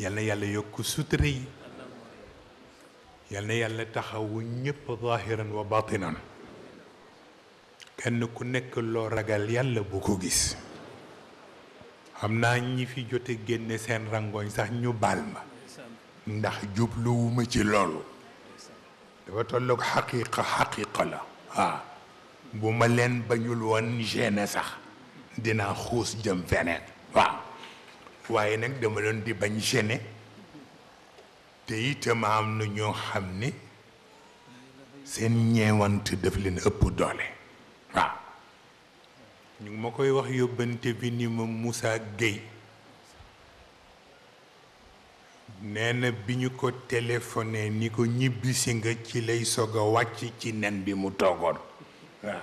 يلا يلا يكو ستري يلا يلا تخاو نيب ظاهرا وباطنا كان نكونك لو رجال يلا بوكو غيس امنا ني في جوتي ген سين رانغوي صاح ني بالما ندخ جوبلو ما سي لول دابا تولوك حقيقه حقيقه لا ها بوما لين بانيول وون جينا صاح دينا خوس جم فنان واه waaye nag dama doon di bañ gêné te itam am na ñoo xam ni seen ñeewant daf leen ëpp doole waaw ñu ngi ma koy wax yóbbante bi ni ma Moussa Gueye nee bi ñu ko telefone ni ko ñibbisi nga ci lay soog a wàcc ci nen bi mu toogoon waaw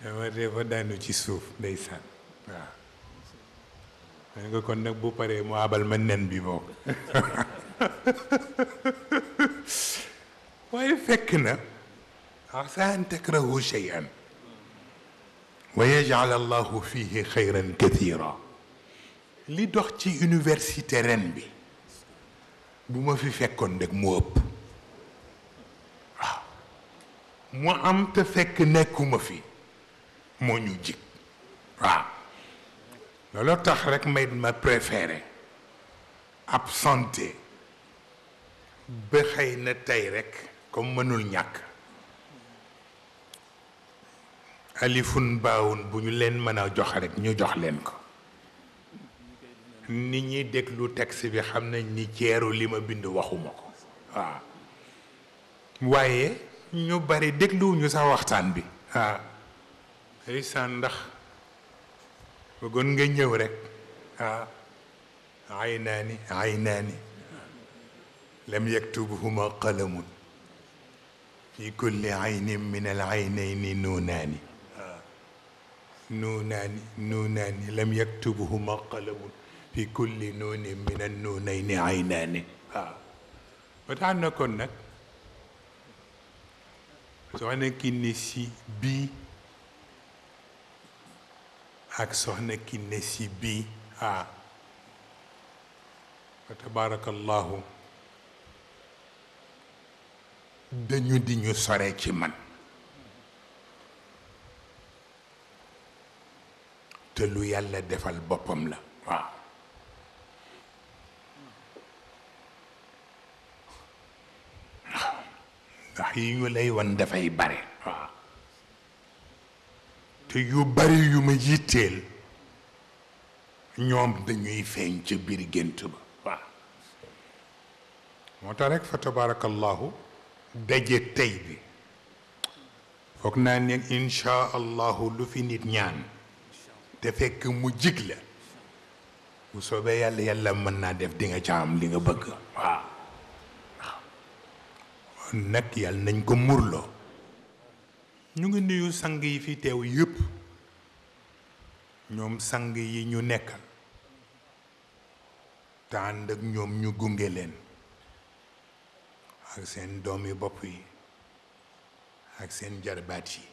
dama dafa daanu ci suuf ndeysaan waaw nee nga kon nag bu paree mu abal ma nen bi bokk waaye fekk na عسى أن تكرهوا شيئا ويجعل الله فيه خيرا كثيرا li dox ci université ren bi bu ma fi fekkoon rek mu ëpp waaw mu am te fekk nekkuma fi moo ñu jig waaw looloo tax rek may ma préféré absenté ba xëy na tey rek comme mënul ñàkk alifun baawun bu ñu leen mën a jox rek ñu jox leen ko nit ñi déglu texte bi xam nañ ni ceeru li ma bind waxuma ko waaw waaye ñu bari dégluwuñu sa waxtaan bi waaw ndeysaan ndax وقن جن يورك عيناني عيناني لم يكتبهما قلم في كل عين من العينين نوناني نوناني نوناني لم يكتبهما قلم في كل نون من النونين عيناني وتعنا كنك سواء كنسي بي ak soxna Kiné Sy bi ah fa tabarakallahu dañu di ñu sore ci man te lu yàlla defal boppam la waaw ndax yi ñu lay wan dafay bare waaw yu bari yu ma yitteel ñoom dañuy feeñ ca biir gént ba moo tax rek fa tabarakallahu daje tey bi foog naa ne insha allahu lu fi nit ñaan te fekk mu jig bu soobee yàlla yàlla mën naa def dinga nga ca am li nga bëgg waaw nag yàlla nañ ko murloo ñu ngi nuyu sang yi fi teew yépp ñoom sang yi ñu nekk te ànd ñoom ñu gunge leen ak seen doomi bopp yi ak seen jarbaat yi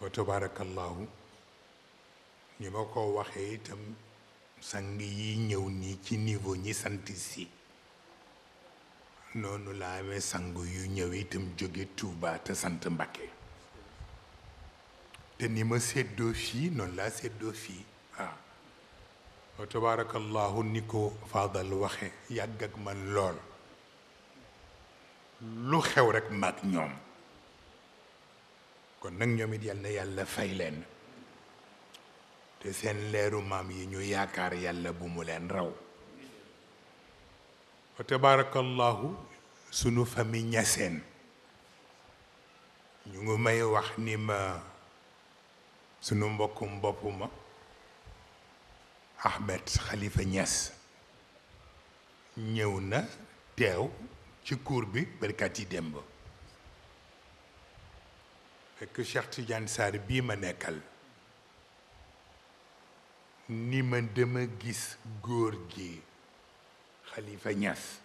wa tabarakallahu ni ma ko waxee itam sang yi ñëw nii ci niveau ñi sant si noonu la amee sang yu ñëw itam jóge Touba te sant Mbakke te ni ma séddoo fii noonu laa séddoo fii waaw wa tabarakallahu ni ko Fadal waxe yàgg ak man lool lu xew rek mag ñoom kon nag ñoom it yal yàlla fay leen te seen leeru maam yi ñu yaakaar yàlla bu mu leen raw fa tabarakallahu sunu famille ñaseen ñu ngi may wax ni ma sunu mbokkum bopp ma Ahmed ñas Niass ñëw na teew ci kuur bi barkat yi démb fekk Cheikh Tidiane Sarr bii ma nekkal ni ma dama gis góor gi xalifa ñas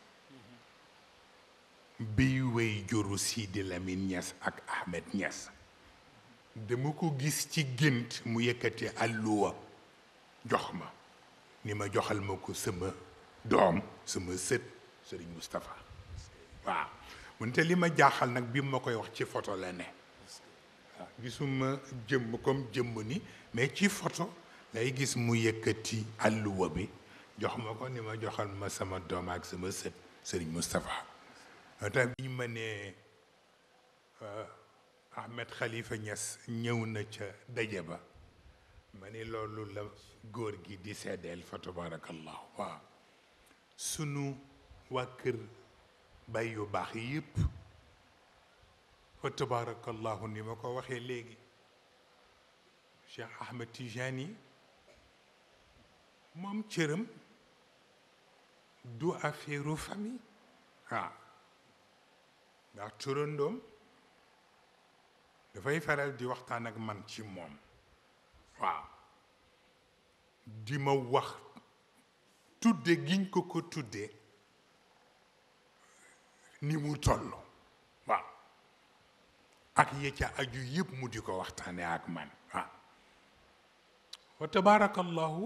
biy wéy juru Sidi Lamine ñas ak Ahmed ñas dama ko gis ci gént mu yëkkati àlluwa jox ma ni ma joxal ma ko sama doom sama sët sëriñ Moustapha waaw mun te li ma jaaxal nag bi ma koy wax ci photo la ne waaw gisuma jëmm comme jëmm ni mais ci photo lay gis mu yëkkati àlluwa bi jox ma ko ni ma joxal ma sama doom ak sama sët sëriñ Moustapha moo tax bi ñu ma nee Ahmed Khalifa Niass ñëw na ca daje ba ma ni loolu la góor gi di seddeel fa tabarakallahu waaw sunu waa kër bay yu baax yépp fa tabarakallahu ni ma ko waxee léegi Cheikh Ahmed Tijani moom cëram du affaireu famille waaw ah. ndax turandoom dafay faral di waxtaan ak man ci moom waaw di ma wax tudde giñ ko ko tudde ni mu toll waaw ak ya ca aju yëpp mu di ko waxtaane ak man waaw ah. wa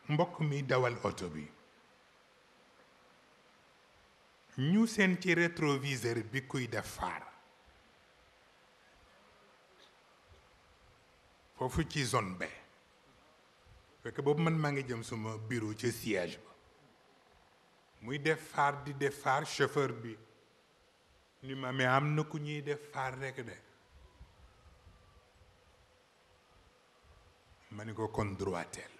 mbokk mi dawal oto bi ñu seen ci rétroviseur bi kuy def faar foofu ci zone B fekk boobu man maa ngi jëm suma bureau ca siège ba muy def faar di def faar chauffeur bi ni ma mais am na ku ñuy def faar rek de ma ni ko kon droiteel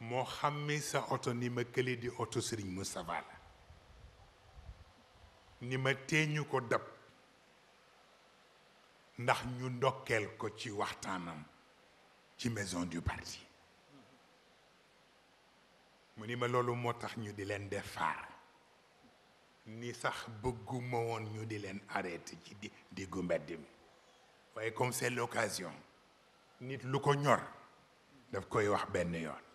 moo xam xàmmee sa oto ni ma kële di oto Serigne mu la ni ma teeñu ko dab ndax ñu ndokkeel ko ci waxtaanam ci maison du parti mu ni ma loolu moo tax ñu di leen def faar ni sax bëgguma woon ñu di leen arrêté ci di diggu mbedd mi waaye comme c'est l'occasion nit lu ko ñor daf koy wax benn yoon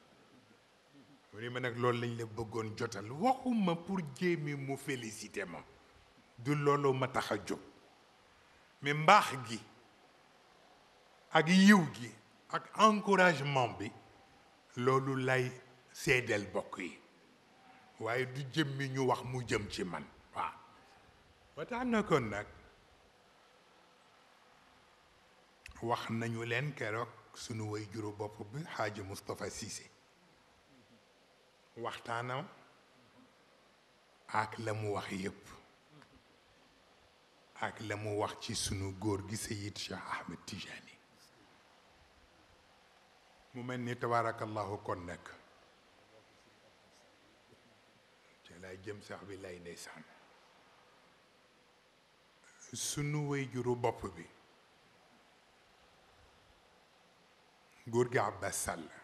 mu ne ma loolu lañu la bëggoon jotal waxuma pour jéemi mu félicité ma du loolu ma tax a jóg mais mbaax gi ak yiw gi ak encouragement bi loolu lay seedeel bokk yi waaye du jëmmi ñu wax mu jëm ci man waaw ba nag wax nañu leen keroog sunu way juru bopp bi xaaji Moustapha Cissé waxtaanam ak la mu wax yépp ak la mu wax ci sunu góor gi Seyid Cheikh Ahmed Tijani mu mel ni tabaarakallahu kon nag ci lay jëm sax bi lay ndeysaan sunu juru bopp bi góor gi Abbas Sall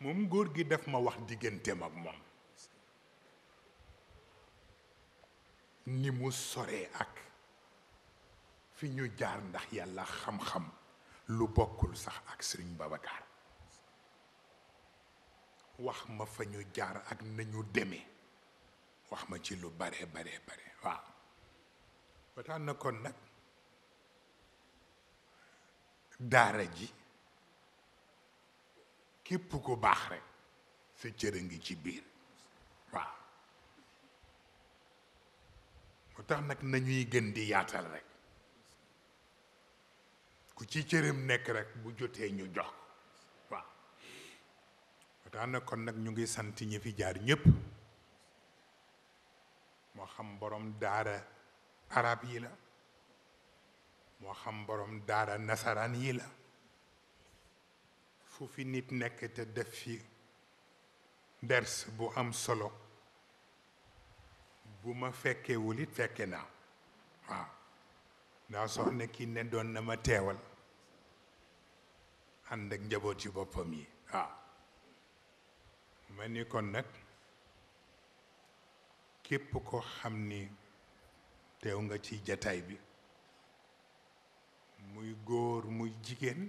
moom góor gi daf ma wax diggante ak moom ni mu soree ak fi ñu jaar ndax yàlla xam-xam lu bokkul sax ak Sëriñ Babacar wax ma fa ñu jaar ak nañu demee wax ma ci lu bare bare bare waaw ba tax kon nag daara ji képp ku baax rek sa cër a ngi ci biir waaw mu tax nag nañuy gën di yaatal rek ku ci cëram nekk rek bu jotee ñu jox waaw mu tax nag kon nag ñu ngi sant ñi fi jaar ñépp moo xam borom daara araab yi la moo xam borom daara nasaraan yi la fu fi nit nekk te def fi ders bu am solo bu ma fekkewul it fekke naa waaw ndax soxna ki ne doon na ma teewal ànd ak njaboot ci boppam yi waaw ma ni kon nag képp ko xam ni teew nga ci jataay bi muy góor muy jigéen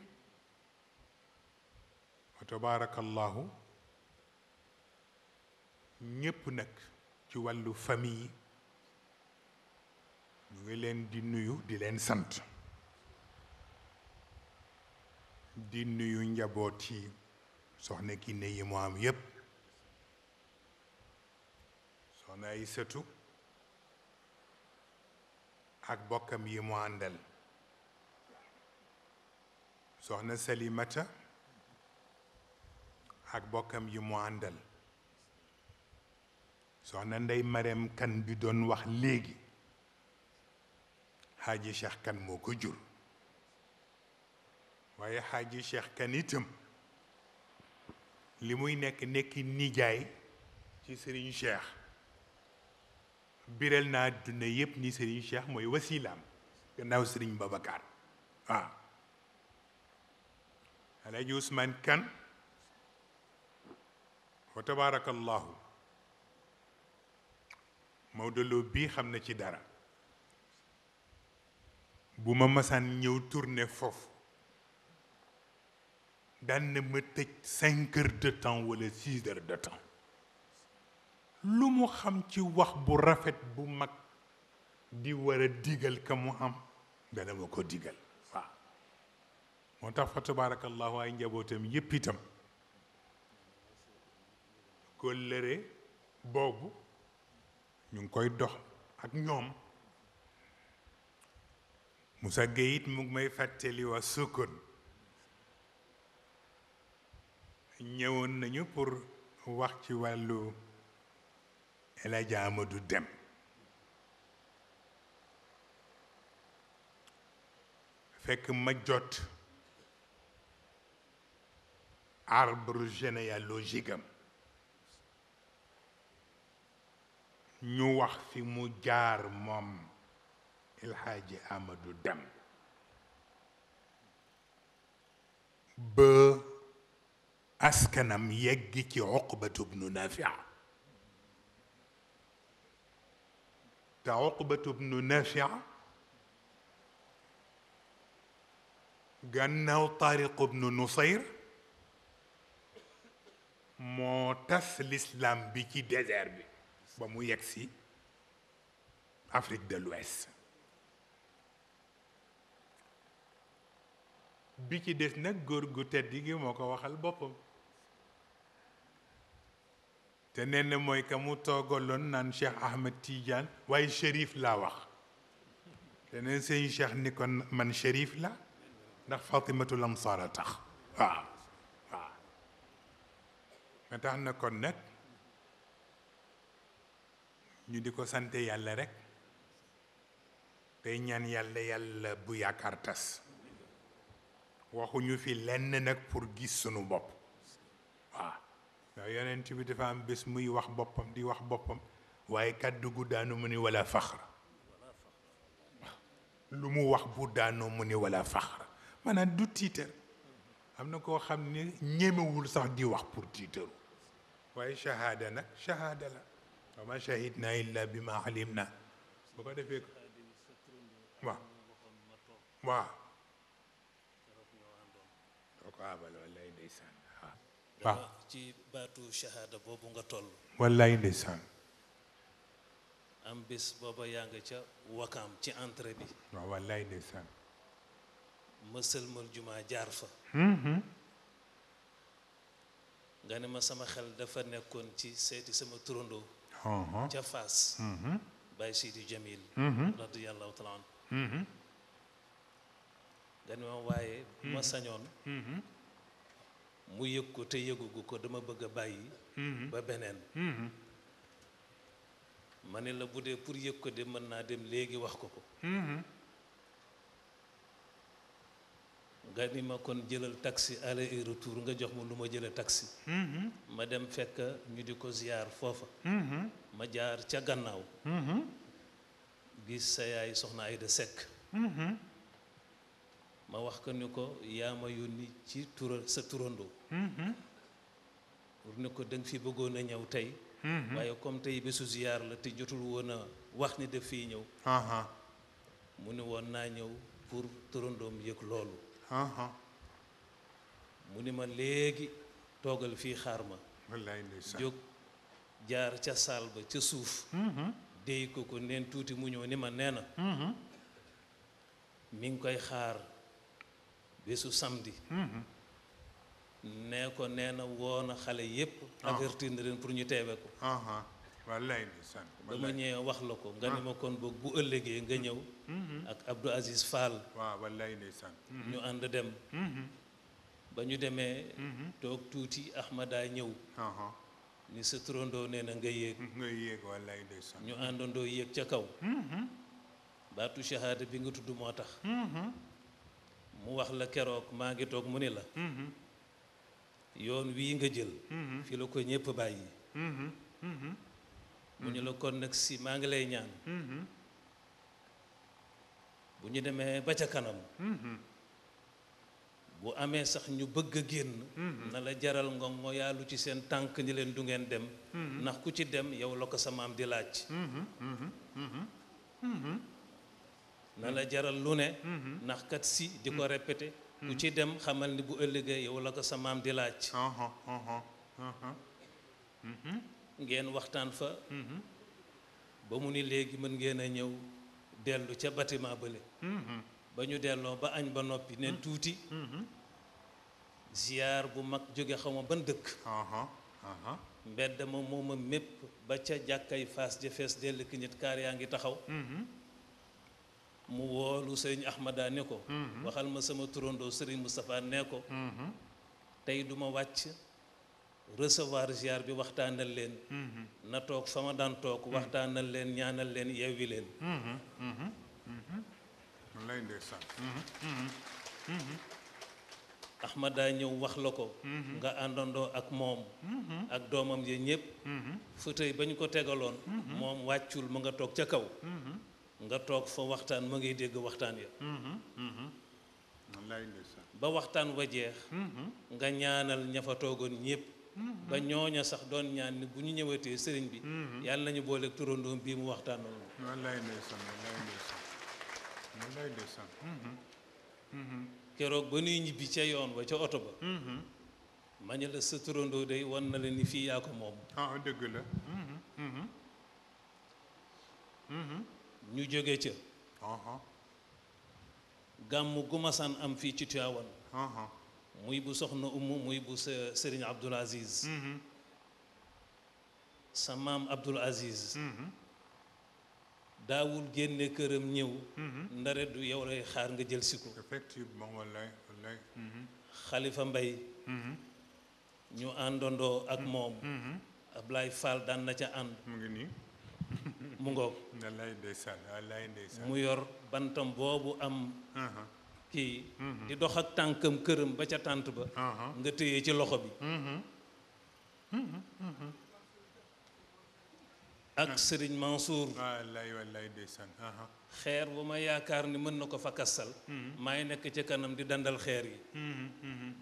fa tabaarakallaahu ñépp nag ci wàllu famille ñu ngi leen di nuyu di leen sant di nuyu njaboot yi soxna Kiné yi mu am yépp soxna ay sëtu ak bokkam yi mu àndal soxna Salimata ak bokam yi mo àndal soxna ndey marem kan bi don wax legi haji cheikh kan moko jur waye haji cheikh kan itam limuy nek nek nekk nijaay ci serigne cheikh birel na adduna yep ni serigne cheikh moy wasilam gannaaw serigne babacar waaw alaaji ousmane kan وتبارك الله مودلو بي خامنا سي دارا بوما مسان نييو تورني فوف دان ما تيج 5 هور دو تان ولا 6 هور دو تان لومو خام سي واخ بو رافيت بو ماك دي ورا ديغال كامو ام دانا مكو ديغال وا مونتا فتبارك الله اي نجابوتم ييبيتام kóllëre boobu ñu ngi koy dox ak ñoom Moussa Gueye it mu may fàttali waa Sokone ñëwoon nañu pour wax ci wàllu El Hadj Dem fekk ma jot arbre généalogique ñu wax fi mu jaar moom Elhaaji Amadou dem ba askanam yegg ci Uqbatu bnu Nafia te Uqbatu bnu Nafia gannaaw Taariq bnu Nusayr moo tas lislaam bi ci désert bi ba Afrique de l'Ouest bi ci des nag góor gu tedd gi moo ko waxal boppam te nee na mooy ka mu toogaloon naan Cheikh Ahmed Tidiane waaye shérif laa wax te nee sëñ Cheikh ni ko man shérif la ndax Fatimatu Lamsaar sara tax waaw waaw nga tax na kon nag ñu di ko sante yàlla rek tey ñaan yàlla yàlla bu yaakaar tas waxuñu fi lenn nag pour gis sunu bopp waaw waaw yonent bi dafa am bés muy wax boppam di wax boppam waaye kàddu gu daanu mu ni wala faxra lu mu wax bu daanoo mu ni wala faxra maanaam du tiitar am na koo xam ne ñemewul sax di wax pour tiitaru waaye shahada nag shahada la وما شهدنا إلا بما علمنا بقد ما ما والله ديسان ام بس بابا يانغا تيا وكام تي انتري بي والله ديسان مسل مول جمعة جارفا هم غاني ما سما خل دا فا نيكون Uh-huh. ca Fass mm-hmm. Baye Sidi Jamil mm-hmm. radiyallahu taala mm-hmm. ma waaye ma sañoon mu yëg ko te yëgugu ko dama bëgg a bàyyi ba beneen ma ne la bu pour yëg ko de mën naa dem léegi wax ko ko nga ni ma kon jëlal taxi aller retour nga jox ma lu ma jële taxi mm-hmm. ma dem fekk ñu di ko ziyaar foofa mm-hmm. ma jaar ca gannaaw mm-hmm. gis sa yaay soxna Ayda Seck ma wax ko ni ko yaa ma yónni ci tura sa turandoo pour ni ko danga fi bëggoon a ñëw tey waaye comme tey bésu ziyaar la te jotul woon a wax ni def fii ñëw uh-huh. mu ni woon naa ñëw pour turandoom yëg loolu Uh-huh. mu ni ma léegi toogal fii xaar ma wallaay jóg jaar ca saal ba ca suuf mm-hmm. déy ko ko neen tuuti mu ñëw ni ma nee na mm-hmm. mi ngi koy xaar bésu samedi mm-hmm. nee ko nee na woon a xale yépp uh-huh. avertir na pour ñu teewe ko uh-huh. wallaay ndeysaan dama ñëw wax la ko nga ne ma kon boog bu ëllëgee nga ñëw mm-hmm. ak Abdou Aziz Fall waaw wallaay ndeysaan mm-hmm. ñu ànd dem mm-hmm. ba ñu demee toog tuuti Ahmada ñëw uh-huh. ni sa turandoo nee na nga yéeg nga yéeg wallaay ndeysaan ñu àndandoo yéeg ca kaw baatu shahada bi nga tudd moo tax mu wax la keroog maa ngi toog mu ni la yoon wii nga jël fi la ko ñépp bàyyi mu ñu la kon si maa ngi lay ñaan mm-hmm. bu ñu demee ba ca kanam mm-hmm. bu amee sax ñu bëgg a génn mm-hmm. na la jaral ngongo yaalu ci seen tànk ni leen du ngeen dem ndax ku ci dem yow la ko sa maam di laaj na la jaral lu ne ndax kat si di ko répété ku ci dem xamal ni bu ëllëgee yow la ko sa maam di laaj uh-huh, uh-huh. ngeen waxtaan fa ba mu ni léegi mën ngeen ñëw dellu ca bâtiment bële ba ñu delloo ba añ ba noppi ne tuuti ziyaar bu mag jóge xaw ma ban dëkk mbedd ma mooma mépp ba ca jàkkay fas ja fees dell ki nit kaar yaa ngi taxaw mhm. mu woolu sëriñ Ahmada ne ko mhm. waxal ma sama turandoo sëriñ Moustapha ne ko mhm. tey duma wàcc recevoir ziar bi hmm hmm na tok waxtanal len ñaanal len yewi len hmm hmm hmm hmm hmm mm-hmm. ahmad da ñew wax lako mm-hmm. nga andando ak mom mm-hmm. ak domam ye ya ñep fauteuil bañ ko tégalon mom waccul ma nga tok ci kaw nga tok fa waxtaan ma ngay dégg waxtaan ya ba waxtaan wa jeex nga ñaanal ñafa togon ñep ba ñooña sax doon ñaan ni bu ñu ñëwatee sëriñ bi mhm. yàlla nañu booleeg turandoom bii mu waxtaanoon wallaay ndeysaan wallaay ndeysaan mhm. Mhm. ba nuy ñibbi ca yoon wa ca oto ba ma ñu la sa turandoo day wan na la ni fii yaa ko moom ah, dëgg la ñu jóge ca uh-huh. gàmm gu am fii ci Tiwaawan uh-huh. muy bu soxna umu muy bu Serigne Abdoul Aziz mm-hmm. sa maam Abdoul Aziz mm-hmm. daawul génne këram ñëw mm-hmm. ndare du yow lay xaar nga jël si ko xalifa mbay ñu àndandoo ak moom Ablaay Fall daan na ca ànd mu ngi nii mu yor bantam boobu am uh-huh. kii mhm. di dox ak tànkam këram ba ca tànt ba uh-huh. nga téye ci loxo bi mhm. Mhm. ak sëriñ Mansour wallaay wallaay uh-huh. xeer bu ma yaakaar ni mën na ko fa kassal maay nekk ci kanam di dandal xeer yi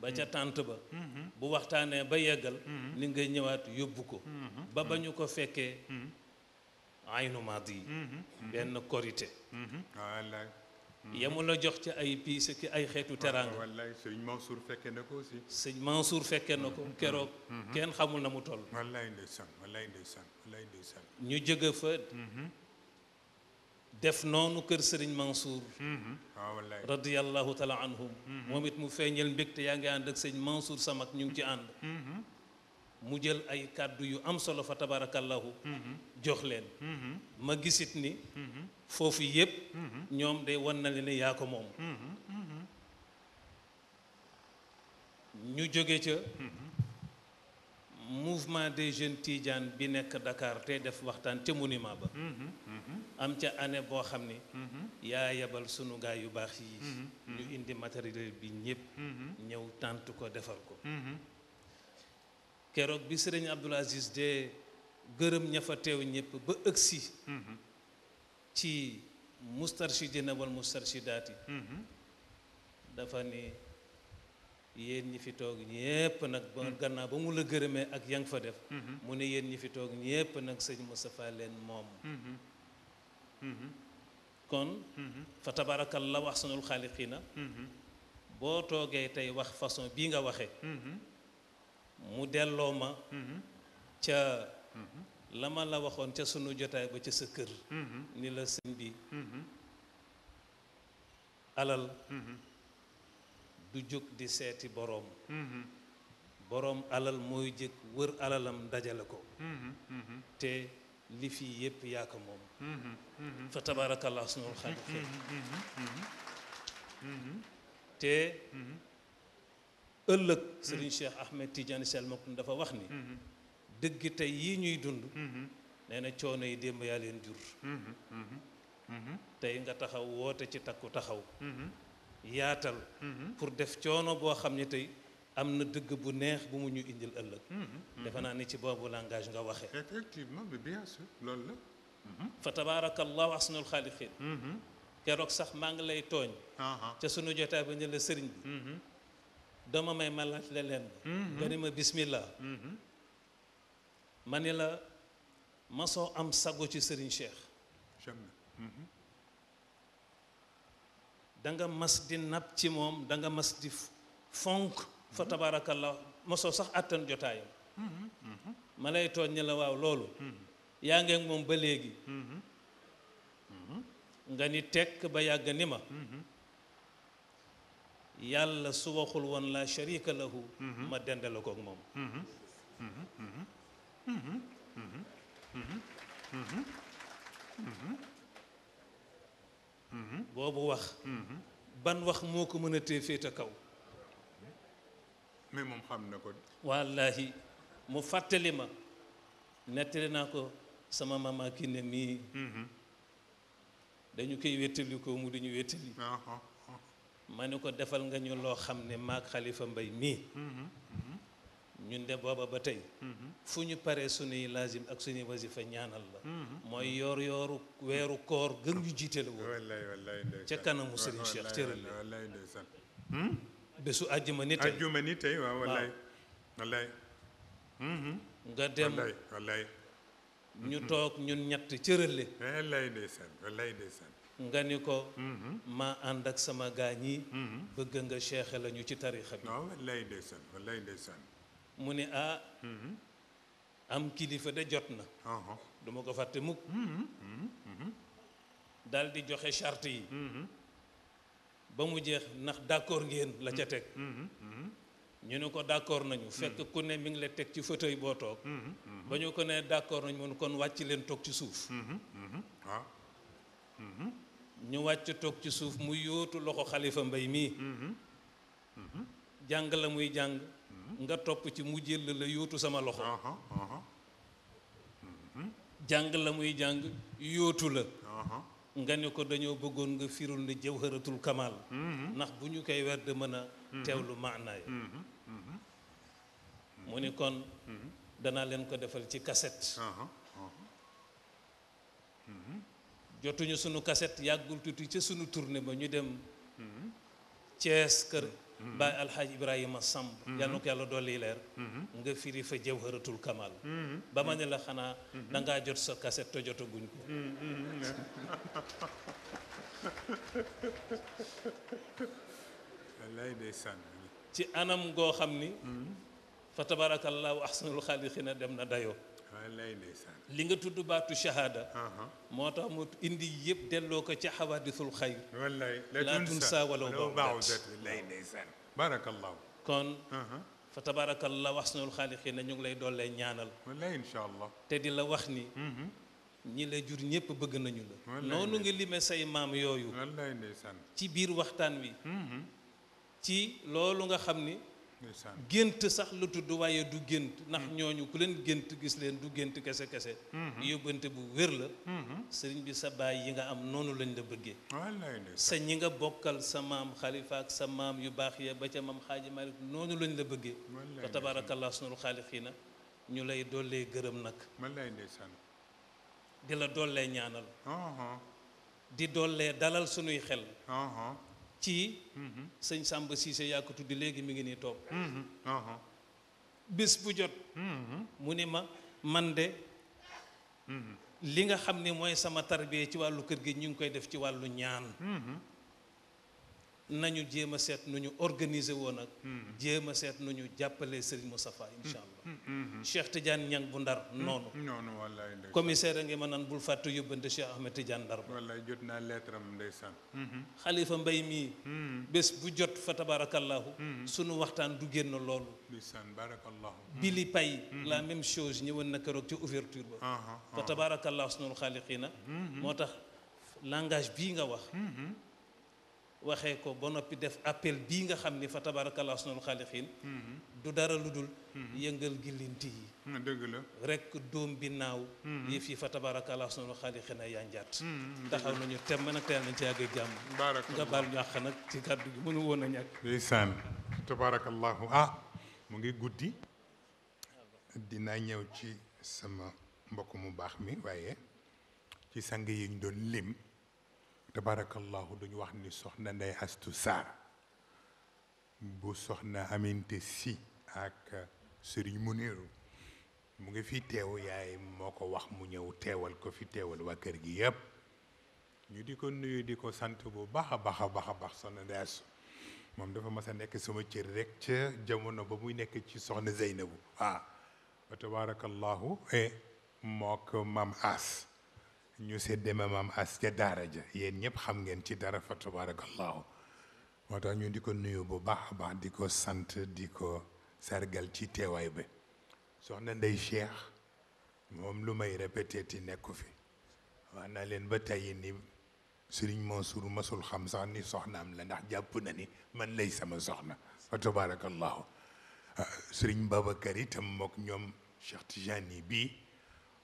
ba ca tànt ba bu waxtaanee ba yeggal ni nga ñëwaat yóbbu ko ba ba ñu ko fekkee aynu maadi benn korité Hmm. yamu la jox ci ay piis ki ay xeetu teraanga. wallaay sëñ Mansour fekkee na ko aussi. sëñ Mansour fekkee na ko hmm, hmm, keroog. kenn xamul na mu toll. wallaay ndeysaan wallaay ndeysaan wallaay ndeysaan. ñu jóge fa. def noonu kër Serigne Mansour. waaw wallaay radiyallahu taala anhum moom it mu feeñal mbégte yaa ngi ànd ak sëñ Mansour Samak ñu ngi ci ànd. mu jël ay kàddu yu am solo fa tabarakallahu jox leen ma gisit ni foofu yëpp ñoom day wan na leen ne yaa ko moom ñu jóge ca mouvement des jeunes tiijan bi nekk Dakar tey def waxtaan ca monument ba am ca année boo xam ni yaa yebal sunu gaa yu baax yi ñu indi matériel bi ñëpp ñëw tànt ko defar ko keroog bi sëriñ Abdoul Aziz de gërëm ña fa teew ñëpp ba ëgsi mm-hmm. ci mustarshidina wal mustarshidaati mm-hmm. dafa ni yéen ñi fi toog ñépp nag ba mm-hmm. gannaaw ba mu la gërëmee ak yang fa def mu fi toog ñépp nag sëñ Moustapha leen moom kon fa tabarakallahu ahsanul xaaliqiina boo toogee tey wax façon bii nga waxee mu delloo ma mm-hmm. ca mm-hmm. la ma la waxoon ca sunu jotaay ba ca sa kër mm-hmm. ni la sëñ alal du jóg di seeti boroom boroom alal mooy jëkk wër alalam dajale ko te li fii yépp yaa ko moom fa tabarakallah sunul xaaliq te ëllëg sëriñ mm-hmm. Cheikh Ahmed Tidiane Sy Al Maktoum dafa wax ni mm-hmm. dëgg tey yii ñuy dund mm-hmm. nee na coono yi démb yaa leen jur tey nga taxaw woote ci takku taxaw yaatal pour def coono boo xam ne tey am na dëgg bu neex bu mu ñu indil ëllëg defe naa ni ci boobu langage nga waxee effectivement mais bien sûr loolu la fa tabaarakallahu ahsanul keroog sax maa ngi lay tooñ ca sunu jotaay ba la sëriñ bi dama may ma laaj la leen mm-hmm. nga ni ma bismillah mm-hmm. ma ni la ma soo am sago ci Serigne Cheikh mm-hmm. da mas di napp ci moom danga mas di fonk fa tabaarakallah ma soo sax àttan jotaayam ma lay tooñ ni la waaw loolu yaa ngeeg moom ba léegi nga ni tekk ba yàgg ni ma yàlla su waxul woon la sharika lahu mhm. ma dendale ko ak moom mhm. Mhm. boobu wax ban wax moo ko mën a tee féete kaw moom xam na ko wallaahi mu fàttali ma nettali naa ko sama mama ne mii dañu koy wéttali ko mu wéttali ah, ah. ma ni ko defal nga ñu loo xam ne maak xalifa mbay mii ñun de booba ba tey fu ñu paree suñuy lazim ak suñuy wasifa ñaanal la mooy yoor yooru weeru koor gën ñu jiite la woon ca kanamu Serigne Cheikh cëral la hmm? bésu àjjuma ni tey waaw wallaay hmm? nga dem ñu toog ñun ñett cërale wallaay ndeysaan nga ni ko mm-hmm. ma ànd ak sama gaa ñi mm-hmm. bëgg nga cheikhe lañu ci tarixa bi wallaay ndeysaan mu ni ah mm-hmm. am kilifa de jot na uh-huh. du ko fàtte mukk daal di joxe charte yi ba mu jeex ndax d'accord ngeen la ca teg ñu ne ko d'accord nañu fekk ku ne mi ngi la teg ci fauteuil boo toog ba ñu ko ne d'accord nañu mun kon wàcc leen toog ci suuf ah. ñu wàcc toog ci suuf mu yóotu loxo xalifa mbay mii mm-hmm. mm-hmm. jàng la muy jàng mm-hmm. nga topp ci mu jël la yóotu sama loxo uh-huh, uh-huh. jàng la muy jàng yóotu la uh-huh. nga ne ko dañoo bëggoon nga firul ne jawharatul kamal ndax bu ñu koy werd mën a teewlu maanaay mu ni kon danaa leen ko defal ci kaset jotuñu sunu cassette yàggul tuuti ca sunu tournée ba ñu dem Thiès kër Baay Alxaaj Ibrahima Samb yàlla na ko yàlla dolli leer nga firi fa Jawharatul Kamal ba ma ne la xanaa dangaa jot sa cassette te jotaguñ ko wallaay ndeysaan ci anam goo xam ni fa tabarakallahu ahsanul xaaliqina dem na dayoo li nga tudd baatu shahada moo tax mu indi yëpp delloo ko ca xawaadisul xayr laa tunsa walaw ba'udat barakallahu kon fa tabarakallah ahsanul xaaliqiin na ñu ngi lay doollee ñaanal wallaay incha te di la wax ni mhm. ñi la jur ñëpp bëgg nañu la noonu ngi lime say maam yooyu ci biir waxtaan wi mhm. ci loolu nga xam ni gént sax lu tudd waaye du gént ndax mm. ñooñu ku leen gént gis leen du gént kese kese mm-hmm. yóbbante bu wér la mm-hmm. sëriñ bi sa baay yi nga am noonu lañ la bëggee sa ñi nga bokkal sa maam xalifa sa maam yu baax ya ba ca maam xaaji malik noonu lañ la bëggee fa tabarakallah sunul xaalixiina ñu lay dollee gërëm nag di la dollee ñaanal uh-huh. di dollee dalal suñuy xel uh-huh. ci mhm. sëñ Samba Cissé yaa ko tudd léegi mu ngi nii toog mhm. uh-huh. bés bu jot mhm. mu ne ma man de li nga xam ni mooy sama tarbiya ci wàllu kër gi ñu ngi koy def ci wàllu ñaan nañu jéem a seet nu ñu organiser woon ak hmm. jéem a seet nu ñu jàppale Serigne Moustapha incha hmm. allah hmm. Cheikh Tidiane Niang bu Ndar noonu noonu wallaay commissaire a ngi ma naan bul fàtte yóbbante Cheikh Ahmed Tidiane Ndar ba wallaay jot naa lettre am ndeysaan xalifa mbay mii bés bu jot fa tabarakallahu sunu waxtaan du génn loolu ndeysaan barakallahu Billy Pay la même chose ñëwoon na keroog ci ouverture ba ah, ah, fa ah. tabarakallahu sunul xaaliqina moo tax langage bii nga wax waxee ko ba noppi def appel bii nga xam ni fa tabarakallah sunul xaalixiin mm-hmm. du dara lu dul mm-hmm. yëngal gillinti yi mm-hmm. dëgg la rek doom bi naaw yëf yi fa tabarakallah sunul xaalixiin a yànjaat taxaw nañu tem nag teel nañ ci àgg jàmm nga baal ñu nag ci kàddu gi mënu woon a ñàkk ndeysaan tabarakallahu ah mu ngi guddi dina ñëw ci sama mbokk mu baax mi waaye ci sang yi ñu doon lim tabarakallahu duñu wax ni soxna Ndey Astu Saar bu soxna aminte si ak euh, Sëriñ Muniru mu ngi fi teew yaay moo ko wax mu ñëw teewal ko fi teewal waa kër gi yëpp ñu di ko nuyu di ko sant bu baax a baax soxna Ndey Astu moom dafa mas a nekk sama cër rek ca jamono ba muy nekk ci soxna Zeynabu ah wa tabarakallahu e moo ko maam As ñu sedde ma maam as ca daara ja yéen ñëpp xam ngeen ci dara fa tabarakallahu moo tax ñu di ko nuyu bu baax a baax di ko sant di ko sargal ci teewaay bi soxna ndey cheikh moom lu may répété ti nekku fi wax naa leen ba tey ni sëriñ Mansour masul xam sax ni soxnaam la ndax jàpp na ni man lay sama soxna fa tabarakallahu sëriñ Babacar itam mook ñoom Cheikh Tijani bii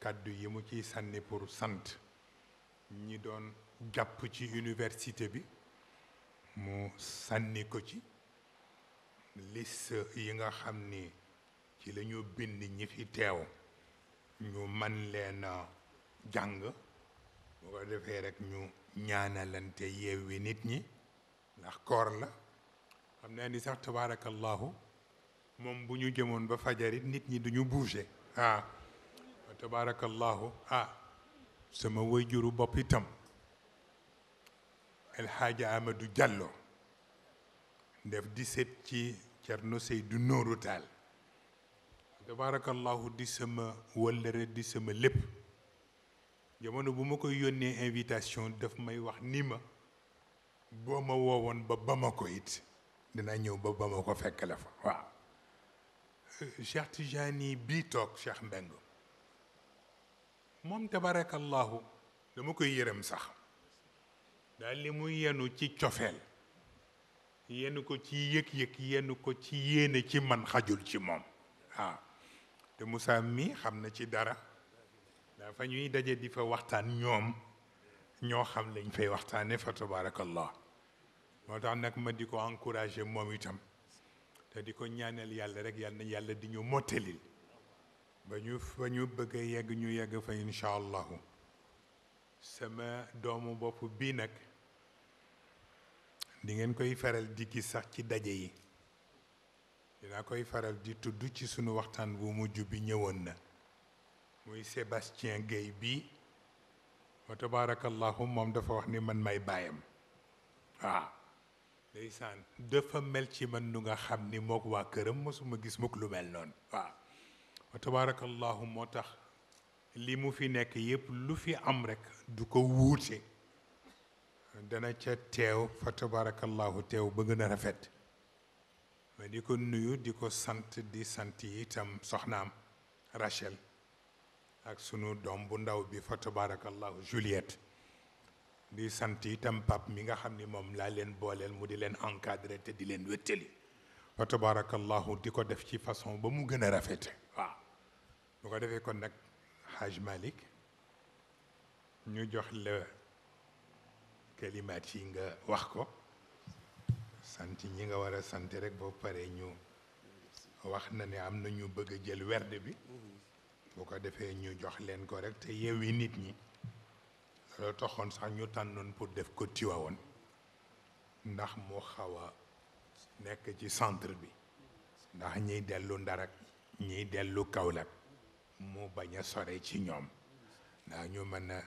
kàddu yi mu ciy sànni pour sant ñi doon jàpp ci université bi mu sànni ko ci liste yi nga xam ni ci lañu ñu bind ñi fi teew ñu man leen jàng bu ko defee rek ñu ñaanalante yeewi nit ñi ndax koor la xam naa ni sax tabaarakallahu moom bu ñu jëmoon ba fajarit nit ñi duñu bouger ah تبارك الله آه سموي ويجرو بابيتم الحاجة أمدو جلو ديف دي سيبتي كرنو سيد نورو تال تبارك الله دي سما ولر دي سما لب جمانو بومكو يوني انفيتاسيون ديف ماي وخ نيما بوما وووون با باماكو ايت دينا نيو با باماكو فك لا فا واه شيخ تجاني بي توك شيخ مبنگو moom tabarakallahu dama koy yërëm sax daal li mu yenu ci cofeel yenn ko ci yëg-yëg yenn ko ci yéene ci man xajul ci moom waaw te Moussa mi xam na ci dara dafa ñuy daje di fa waxtaan ñoom ñoo xam lañ fay waxtaane fa tabarakallah moo tax nag ma di ko encouragé moom itam te di ko ñaanal yàlla rek yàlla na yàlla di ñu mottalil ba ñu fa ñu bëgg yegg ñu yegg fa incha allahu sama doomu bopp bii nag dingeen koy faral di gis sax ci daje yi dinaa koy faral di tudd ci sunu waxtaan bu mujj bi ñëwoon na muy Sébastien Guèye bii wa tabaarakallahu moom dafa wax ni man may baayam waaw ndeysaan dafa mel ci man nu nga xam ni mook waa këram mosuma gis mukk lu mel noonu waaw wa tabaarakallaahu moo tax li mu fi nekk yépp lu fi am rek du ko wuute dana ca teew fa tabaarakallaahu teew ba gën a rafet ma di ko nuyu di ko sant di sant itam soxnaam Rachel ak sunu doom bu ndaw bi fa tabaarakallaahu Juliette di sant itam pap mi nga xam ni moom laa leen booleel mu di leen encadré te di leen wéttali fa tabaarakallaahu di ko def ci façon ba mu gën a rafete bu ko defee kon nag Haj malik ñu jox la kalimaat yi nga wax ko sant ñi nga war a sant rek boo paree ñu wax na ne am na ñu bëgg jël werde bi bu ko defee ñu jox leen ko rek te yi nit ñi loolu taxoon sax ñu tànnoon pour def ko Tiwaawoon ndax moo xaw a nekk ci centre bi ndax ñiy dellu Ndar ak ñiy dellu Kaolack mo baña sore ci ñom na ñu mëna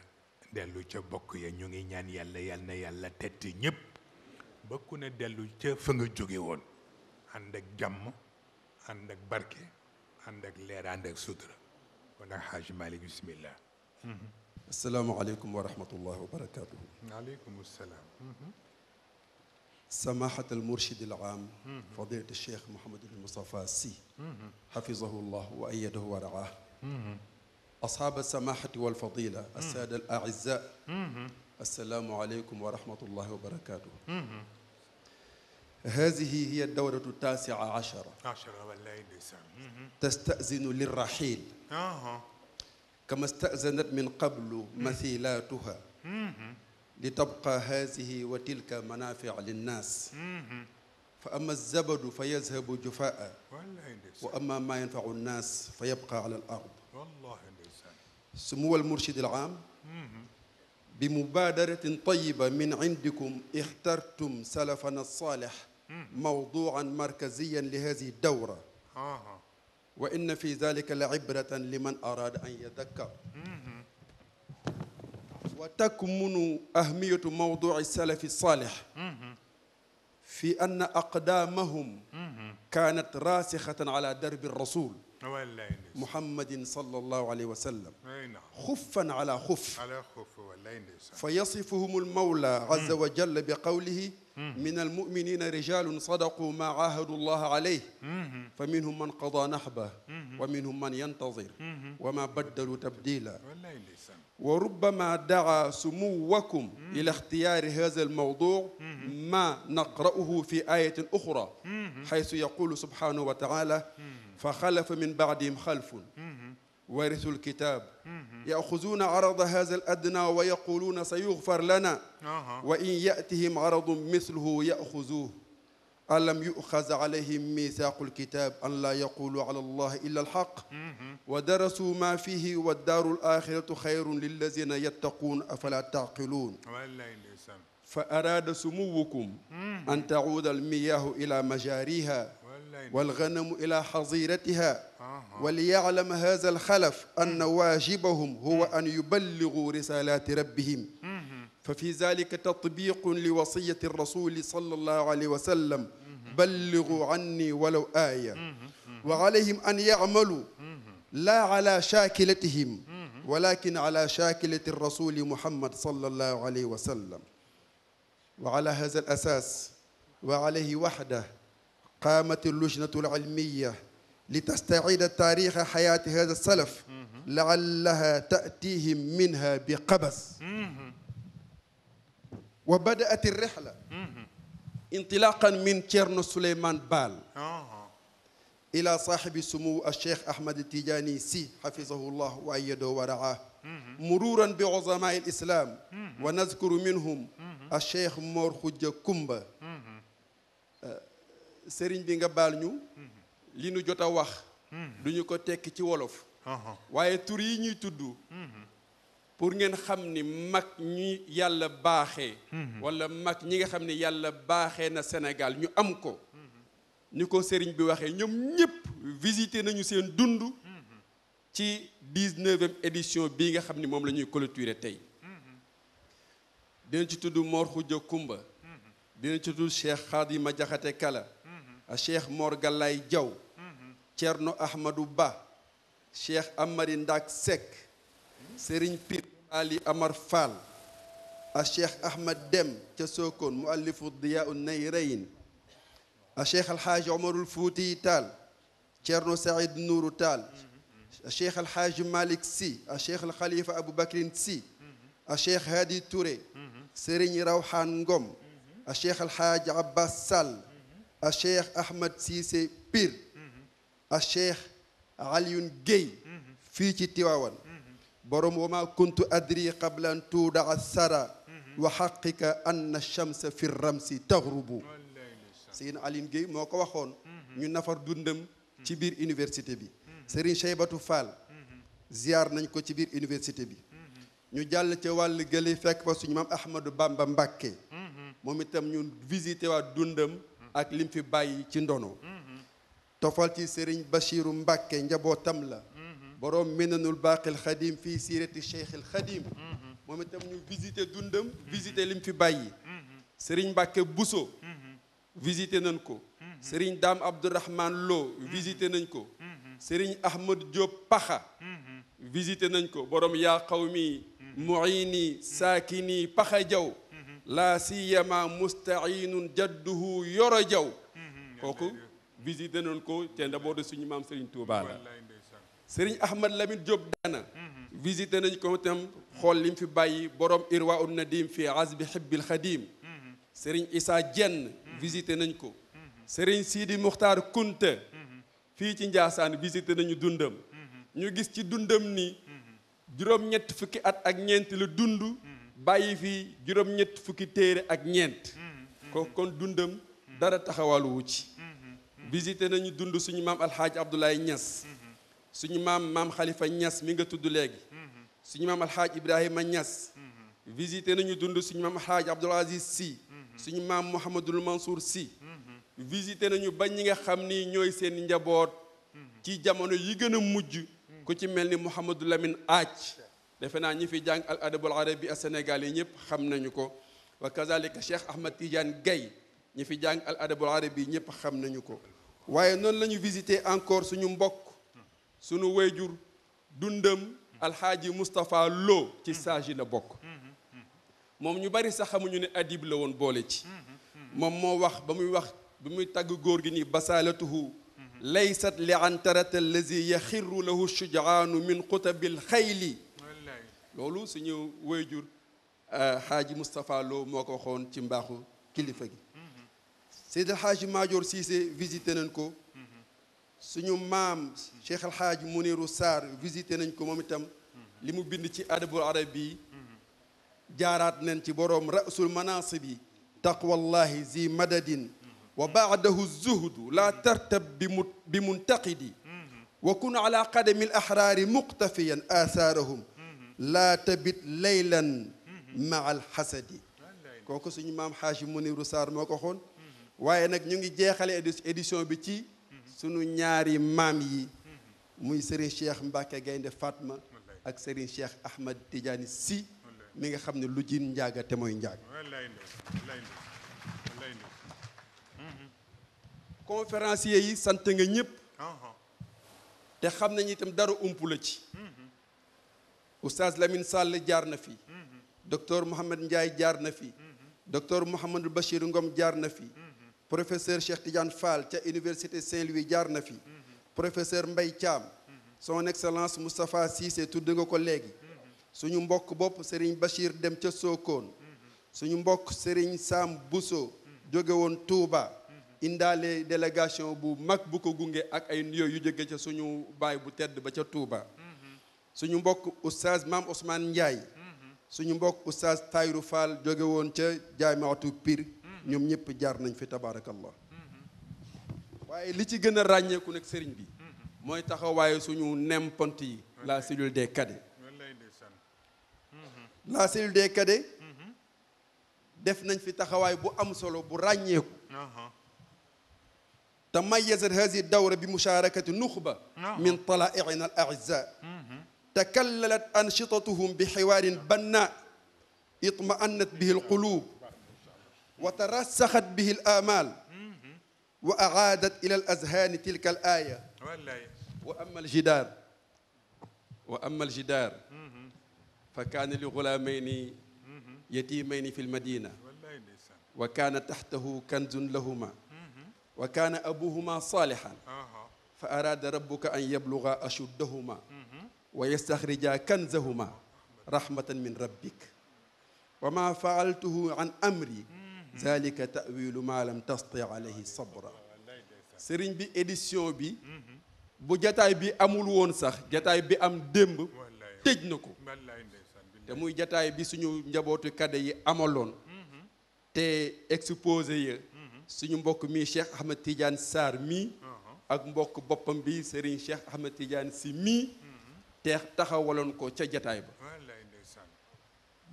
delu ci bokk ya ñu ngi ñaan yàlla yal na yàlla tetti ñep ba ku ne dellu ca fa nga joggé won ànd ak jàmm ànd ak barke ànd ak lér ànd ak sutura ko ak xaaj Malick bismillah السلام عليكم ورحمة الله وبركاته عليكم السلام سماحة المرشد العام فضيلة الشيخ محمد بن مصطفى السي حفظه الله وأيده ورعاه أصحاب السماحة والفضيلة السادة الأعزاء السلام عليكم ورحمة الله وبركاته هذه هي الدورة التاسعة عشرة عشرة والله تستأذن للرحيل كما استأذنت من قبل مثيلاتها لتبقى هذه وتلك منافع للناس فأما الزبد فيذهب جفاء وأما ما ينفع الناس فيبقى على الأرض والله سمو المرشد العام بمبادرة طيبة من عندكم اخترتم سلفنا الصالح موضوعا مركزيا لهذه الدورة آه. وإن في ذلك لعبرة لمن أراد أن يذكر وتكمن أهمية موضوع السلف الصالح في أن أقدامهم كانت راسخة على درب الرسول محمد صلى الله عليه وسلم نعم. خفا على خف فيصفهم المولى عز وجل بقوله من المؤمنين رجال صدقوا ما عاهدوا الله عليه فمنهم من قضى نحبه ومنهم من ينتظر وما بدلوا تبديلا وربما دعا سموكم إلى اختيار هذا الموضوع ما نقرأه في آية أخرى حيث يقول سبحانه وتعالى فخلف من بعدهم خلف ورثوا الكتاب يأخذون عرض هذا الأدنى ويقولون سيغفر لنا وإن يأتهم عرض مثله يأخذوه ألم يؤخذ عليهم ميثاق الكتاب أن لا يقولوا على الله إلا الحق ودرسوا ما فيه والدار الآخرة خير للذين يتقون أفلا تعقلون فأراد سموكم أن تعود المياه إلى مجاريها والغنم إلى حظيرتها وليعلم هذا الخلف أن واجبهم هو أن يبلغوا رسالات ربهم ففي ذلك تطبيق لوصية الرسول صلى الله عليه وسلم بلغوا عني ولو آية وعليهم أن يعملوا لا على شاكلتهم ولكن على شاكلة الرسول محمد صلى الله عليه وسلم وعلى هذا الأساس وعليه وحده قامت اللجنة العلمية لتستعيد تاريخ حياة هذا السلف لعلها تأتيهم منها بقبس وبدأت الرحلة انطلاقا من تشيرنو سليمان بال آه. إلى صاحب سمو الشيخ أحمد التيجاني سي حفظه الله وأيده ورعاه مرورا بعظماء الإسلام ونذكر منهم الشيخ مور خجة كومبا أه، سيرين بيغا بال نيو لي li جوتا واخ a wax duñu ko tekki ci wolof waaye آه. pour ngeen xamni mak mag ñi yàlla baaxee mhm. wala mak ñi nga xamni yalla baxé na Sénégal ñu am ko mhm. ni ko sëriñ bi waxé ñom ñëpp visité nañu seen dundu mhm. ci 19e édition bi nga xamni ni lañuy la ñuy clôturer tey dinañ ci tuddu Mor Khoudia Kumba dinañ ci tuddu Cheikh Khadima Jaxate Kala a Cheikh Mor Galaye Diaw Thierno Ahmadou Ba Cheikh Amari Ndak sek sëriñ Pir Ali Amar Fall a cheikh Ahmed Dem ca Sokone muallifu Diyaau Nayrayn a cheikh alxaaji Omarul Fuuti Taal Thierno Saïd Nourou Taal a cheikh alxaaji Malick Sy a cheikh alxalifa Aboubacrin Sy a cheikh Hadi Touré sëriñ Rawxaan Ngom a cheikh alxaaji Abbas Sall a cheikh Ahmed Cissé Pir a cheikh Alioune Guèye fii ci Tiwaawan borom wa ma kuntu adri qabla an tuudaa sara wa xaqiqa anna alchamsa fi ramsi taghrubu Seydina Aline Gueye moo ko waxoon ñu nafar dundam ci biir université bi Serigne Cheybatu Fall ziar nañ ko ci biir université bi ñu jàll ca wàll gële fekk fa suñu maam Ahmadou Bamba Mbakke moom itam ñu visité waa dundam ak lim fi bàyyi ci ndono tofal ci Serigne Bachiru Mbakke njabootam la borom menanul baaqil khadim fi siirati cheikh il khadim moom itam ñu visité dundam visité lim fi bàyyi sëriñ bakke busso visité nañ ko sëriñ Daam Abdourahman Lo visité nañ ko sëriñ Ahmad Diop Paxa visité nañ ko borom yaa qawmi muini saakini Paxa Jaw laa siyama mustainun jadduhu yoro jaw kooku visité nañ ko te ndaboo de suñu maam sëriñ Tuubaa sëriñ Ahmad Lamine Diop daana visité nañ ko itam xool lim fi bàyyi borom irwa un nadim fi azbi xibbil xadim sëriñ Issa jenn visité nañ ko sëriñ Sidi Muxtaar Kunta fii ci Njaasaan visité nañu dundam ñu gis ci dundam ni juróom-ñett fukki at ak ñeent la dund bàyyi fi juróom-ñett fukki téere ak ñeent ko kon dundam dara taxawalu wu ci visité nañu dund suñu maam alxaaji Abdoulaye Niass suñu maam maam xalifa ñas mi nga tudd léegi suñu maam alxaaj Ibrahima Niass visité nañu dund suñu maam alxaaj Abdoul Aziz si suñu maam Mouhamadul Mansour si visité nañu ba ñi nga xam ni ñooy seen njaboot ci jamono yi gën a mujj ku ci mel ni Mouhamadou Lamine Aaj defe naa ñi fi jàng al adabul arabi a senegal yi ñëpp xam nañu ko wa kazalika Cheikh Ahmad Tidiane Gaye ñi fi jàng al adabul arabi yi ñëpp xam nañu ko waaye noonu la ñu encore suñu mbokk sunu wayjur dundam alxaaji mustafa Lo ci saji la bok mom ñu bari sax xamu ñu ne adib la won boole ci mom mo wax ba muy wax ba muy tagg góor gi ni basalatuhu laysat li antarata allazi yaxiru lahu shuja'an min qutabil xayli loolu suñu wayjur haji mustafa Lo moko ko ci mbaxu kilifa gi Seydi Alxaaji Maajoor Siise visité nañ ko suñu mam Cheikh El Hadj Mounirou Sarr visité nañ ko mom itam limu bind ci adabul arabiy jaarat nañ ci borom rasul manasibi allah zi madadin wa ba'dahu az-zuhd la tartab bi muntaqidi wa kun ala qadami al ahrar muqtafiyan atharuhum la tabit laylan maa al xasadi kooku suñu maam Hadj Mounirou Sarr moo ko xoon waaye nag ñu ngi jeexale édition bi ci sunu ñaari maam yi muy Serigne Cheikh Mbacke Gaynde Fatma ak Serigne Cheikh Ahmad Tidiane Sy mi nga xam ne lu jiin njaaga te mooy njaag conférencier yi sant nga ñëpp te xam nañu itam dara ump la ci oustaz Lamine Sall jaar na fi docteur Mohamed Ndiaye jaar na fi docteur Mouhamadou Bachir Ngom jaar na fi professeur Cheikh Tidiane Fall de université Saint-Louis yarnafi professeur Mbaye son excellence Moustapha Cissé tous nos collègues. collègues. suñu Mbok Bop, Serigne Bachir dem ca Sokone suñu Serigne Sam Bousso jóge Touba Indale délégation bu mak bu ko gunge ak ay nuyoo yu jóge ca suñu baay bu tedd ba ca Touba suñu mbokk oustaz Maam Ousmane Ndiaye suñu mbokk oustaz Tayrou Fall ñom ñëpp jaar nañ fi tabarak allah waye li ci gëna ragne ku nek sëriñ bi moy taxawaye suñu nempanti la cellule des cadets la cellule des cadets def nañ fi taxaway bu am solo bu ràññeeku تميزت هذه الدورة بمشاركة نخبة من طلائعنا الأعزاء تكللت أنشطتهم بحوار بناء اطمأنت به القلوب وترسخت به الآمال وأعادت إلى الأذهان تلك الآية وأما الجدار وأما الجدار فكان لغلامين يتيمين في المدينة وكان تحته كنز لهما وكان أبوهما صالحا فأراد ربك أن يبلغا أشدهما ويستخرجا كنزهما رحمة من ربك وما فعلته عن أمري zalika tawilu maa lam tasti alayhi sabra sëriñ bi édition bi bu jataay bi amul woon sax jataay bi am démb tëj na ko te muy jataay bi suñu njabootu kade yi amaloon te exposé ya suñu mbokk mi Cheikh Ahmed Tidiane Sarr mii ak mbokk boppam bi Serigne Cheikh Ahmed Tidiane si mii te taxawaloon ko ca jataay ba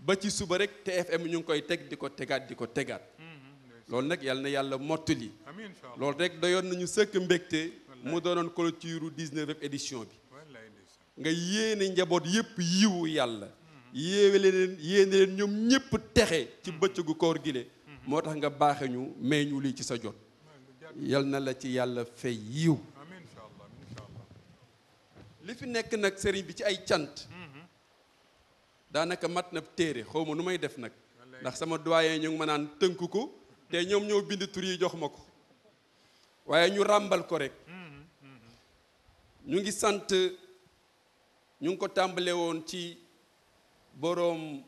ba ci suba rek TFM ñu ngi koy teg di ko tegaat di ko tegaat mm-hmm. loolu nag yal na yàlla mott mottali loolu rek doyoon nañu sëkk mbégte mu doonoon clôture dix-neuvième édition bi nga yéene njaboot yépp yiwu yàlla mm-hmm. yéewe leen yéene leen ñoom ñépp texe ci mm-hmm. bëccëgu koor gile moo tax nga baaxe ñu may ñu lii ci sa jot yal na la ci yàlla fay yiw li fi nekk nag sëriñ bi ci ay cant daanaka mat na téere xaw ma nu may def nag ndax sama doyen ñu ngi ma naan tënk ko te ñoom ñoo bind tur yi jox ma ko waaye ñu ràmbal ko rek mm-hmm. ñu ngi sant ñu ngi ko tàmbale woon ci boroom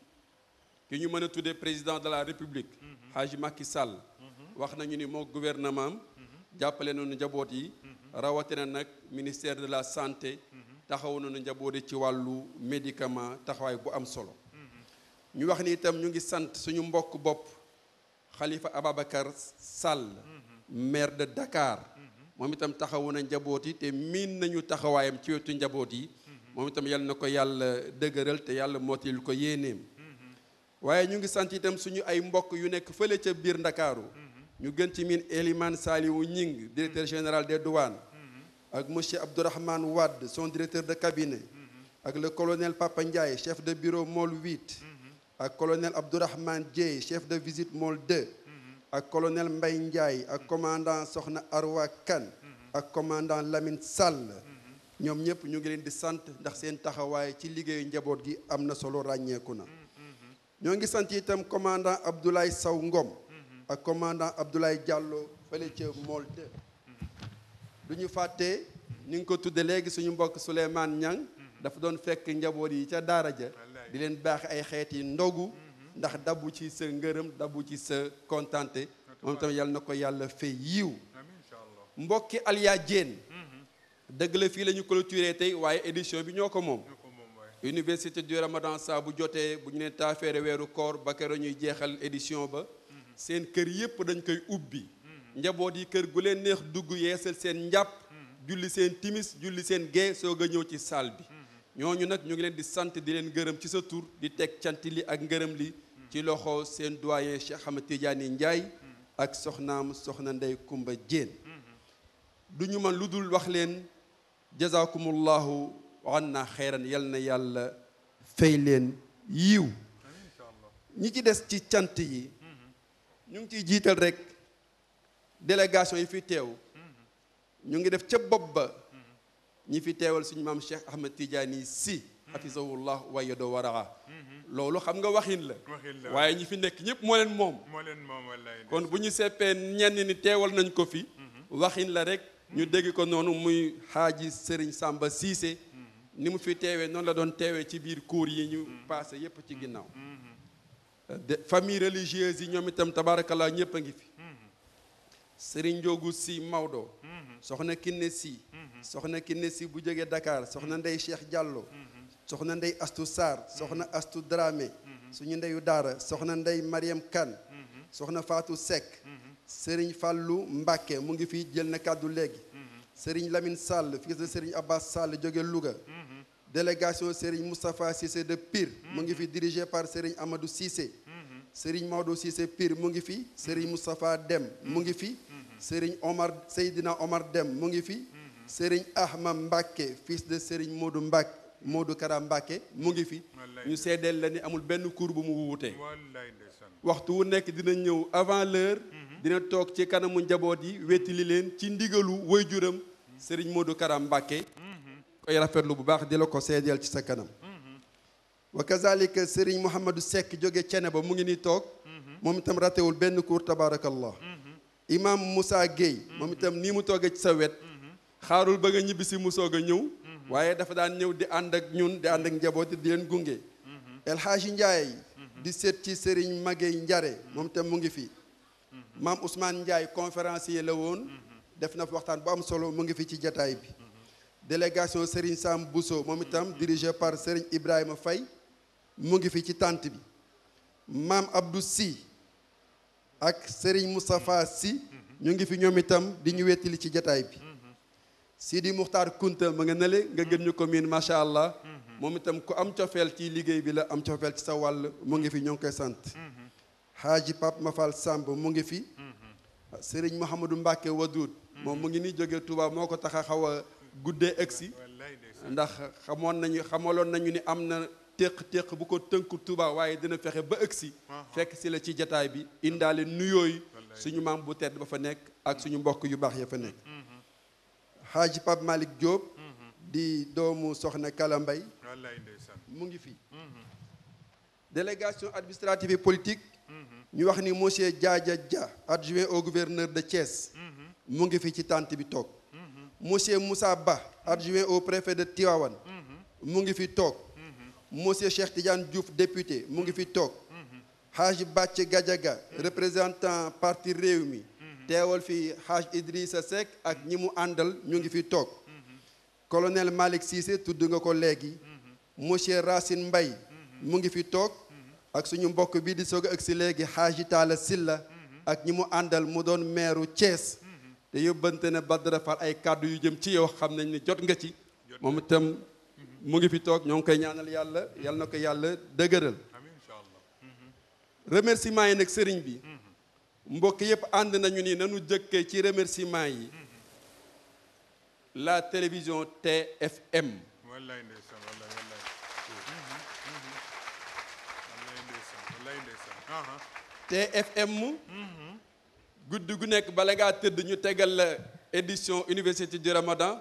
ki ñu mën a tuddee président de la république mm-hmm. Haji Macky Sall mm-hmm. wax nañu ni moo gouvernement am jàppale nañu njaboot yi rawatina nag ministère de la santé taxaw njaboot njabooti ci wàllu médicament taxawaay bu am solo mm-hmm. ñu wax ni itam ñu ngi sant suñu mbokk bopp xalifa Ababacar Sall mm-hmm. maire de Dakar mm-hmm. moom itam taxawu na njaboot yi te miin nañu taxawaayam ci wetu njaboot yi moom itam yal na ko yàlla dëgëral te yàlla mootil ko yéeneem waaye ñu ngi sant itam suñu ay mbokk yu nekk fële ca biir Ndakaaru ñu gën ci miin Elimane Saliou Ñing directeur général de duwaan avec M. Abdurrahman Wad, son directeur de cabinet, avec le colonel Papa Ndiaye, chef de bureau MOL 8, avec le colonel Abdurrahman Dje, chef de visite MOL 2, avec le colonel Mbaye Ndiaye, avec le commandant Sokhna Arwa Kan, avec le commandant Lamine Sall. nous avons ñu ngi leen di sant ndax seen taxawaay ci liggéeyu njaboot gi solo le commandant Abdoulaye Saungom, Ngom le commandant Abdoulaye Diallo fële mol 2. du ñu fàtte ñu ngi ko tudde léegi suñu mbokk Souleymane Niang dafa doon fekk njaboot yi ca daara ja di leen baax ay xeeti ndogu ndax dabu ci sa ngërëm dabu ci sa kontante moom tamit yàlla na ko yàlla fay yiw mbokki Aliya Diène mhm. dëgg la fii la ñu clôturé tey waaye édition bi ñoo ko moom université du ramadan saa bu jotee bu ñu ne taafeere weeru koor ba kër ñuy jeexal édition ba mhm. seen kër yépp dañ koy ubbi njaboot yi kër gu leen neex dugg yeesal seen njàpp julli seen timis julli seen gee soog a ñëw ci salle bi ñooñu nag ñu ngi leen di sant di leen gërëm ci sa tur di teg cant li ak ngërëm li ci loxo seen doyen Cheikh Ahmed Tidiane ak soxnaam soxna Ndey Kumba Jéen du man lu dul wax leen jazakumullahu anna xeyran yal na yàlla fay leen yiw ñi ci des ci cant yi ñu ngi ciy jiital rek délégation yi fi teew ñu ngi def ca bopp ba ñi fi teewal suñu maam Cheikh Ahmed Tidiane si hafizahullah wa yado waraa loolu xam nga waxin la waaye ñi fi nekk ñëpp moo leen moom moo leen moom kon bu ñu seppee ñenn ni teewal nañ ko fi waxin la rek ñu dégg ko noonu muy xaaji Serigne Samba Cissé ni mu fi teewee noonu la doon teewee ci biir cours yi ñu passé yépp ci ginnaaw mm-hmm. euh, famille religieuse yi ñoom itam tabarakallah ñëpp a ngi fi sëriñ Njoogu si Maodo. Mm-hmm. soxna Kiné si. Mm-hmm. soxna Kiné si bu jógee Dakar soxna mm-hmm. Ndey Cheikh jàlloo soxna Ndey Astu Sarr soxna Astu Dramé. suñu ndeyu daara soxna Ndey Mariam Kane. soxna faatu Seck. sëriñ Fallou Mbacke mu ngi fii jël na kàddu léegi. sëriñ lamin Sall fils de sëriñ Abbas Sall jóge Louga. délégation sëriñ Moustapha Cissé de Pire. mu ngi fi dirigé par sëriñ Amadou Cissé. sëriñ Maodo Cissé Pire mu ngi fi. sëriñ Moustapha Dem mu ngi fi. Serigne Omar Seydina Omar Dem mu ngi fi. Serigne Ahma Mbacke fils de Serigne Modou Mbacke Modou Kara Mbacke mu ngi fi. ñu seedeel la ni amul benn cour bu mu wuute. waxtu wu nekk dina ñëw avant leur mhm. dina toog ci kanamu njaboot yi wettili leen ci ndigalu waajuram Serigne Modou Kara Mbacke. Mhm. koy rafetlu bu baax di la ko seedeel ci sa kanam. Mhm. wa kazalika Serigne Mouhamadou Seck jóge cene ba mu ngi nii toog. moom itam ratewul benn cour tabarakallah imam Moussa Gueye moom itam nii mu toogee ci sa wet xaarul ba nga ñibbi mu soog a ñëw waaye dafa daan ñëw di ànd ak ñun di ànd ak njaboot di leen gunge El Hadji di seet ci Serigne Maguey Njare moom itam mu ngi fi maam Ousmane Ndiaye conférencier la woon def na waxtaan bu am solo mu ngi fi ci jataay bi délégation Serigne Sam Bousso moom itam dirigé par Serigne Ibrahima Faye mu ngi fi ci tànt bi maam Abdou Sy ak mu Moustapha si ñu ngi fi ñoom itam di ñu wettali ci jataay bi Sidi Muxtaar Kunta ma nga nele nga gën ñu commune macha allah moom itam ku am cofeel ci liggéey bi la am cofeel ci sa wàll mu ngi fi ñoo ngi koy sant Haaji Pape Mafal Samb mu ngi fi Serigne Mouhamadou Mbacke Wadoud moom mu ngi ni jógee tubaab moo ko tax a xaw a guddee egsi ndax xamoon nañu xamaloon nañu ni am na téq-téq bu ko tënku Touba waaye dina fexe ba si uh-huh. fekk si la ci jataay bi indaale nuyooyu suñu maam bu tedd ba fa nekk ak suñu mbokk yu baax ya fa nekk Haji mm-hmm. Pape Malick Diop mm-hmm. di doomu soxna Kala Mbaye mu ngi fi mm-hmm. délégation administrative et politique ñu wax ni monsieur Diadia Dia adjoint au gouverneur de Thiès mu ngi fi ci tànt bi toog monsieur Moussa Ba adjoint au préfet de Tivaouane mu ngi fi toog monsieur Cheikh Tidiane Diouf député mu ngi fi toog Hadj représentant parti Réumi, teewal fi Idrissa Seck ak ñi andal, ñu colonel Malik Sissé, tout nga ko collègues, monsieur Racine Mbaye mu ngi fi toog ak suñu mbokk bi di ak si léegi Hadj ak ñi andal, mu Thiès te yóbbante Badara Fall ay yu jëm mu ngi fi toog ñoo ngi koy ñaanal yàlla yal na ko yàlla dëgëral mm-hmm. remerciement yi nag sëriñ bi mm-hmm. mbokk yëpp ànd nañu ni nanu jëkkee ci remerciement yi mm-hmm. la télévision TFM TFM guddi gu nekk bala ngaa tëdd ñu tegal la édition université du Ramadan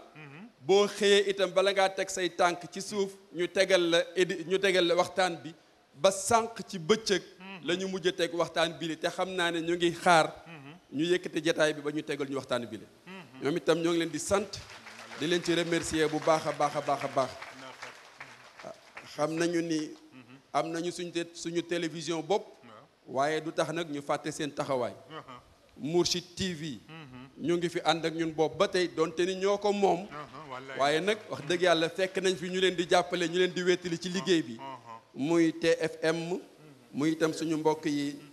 boo xëyee itam bala ngaa teg say tànk ci suuf ñu tegal la édi ñu tegal la waxtaan bi ba sànq ci bëccëg lañu ñu mujj a teg waxtaan bi li te xam naa ne ñu ngi xaar ñu yëkkati jataay bi ba ñu tegal ñu waxtaan bi li ñoom itam ñoo ngi leen di sant di leen ci remercier bu baax a baax a baax a baax xam nañu ni am nañu suñu suñu télévision bopp waaye du tax nag ñu fàtte seen taxawaay uh-huh. Mourchid TV. ñu ngi fi ànd ak ñun boobu ba tey donte ni ñoo ko moom. Uh-huh, waaye nag wax dëgg yàlla fekk nañ fi ñu leen di jàppale ñu leen di wettili ci liggéey bi. Uh-huh, uh-huh. muy TFM. muy itam suñu mbokk yi.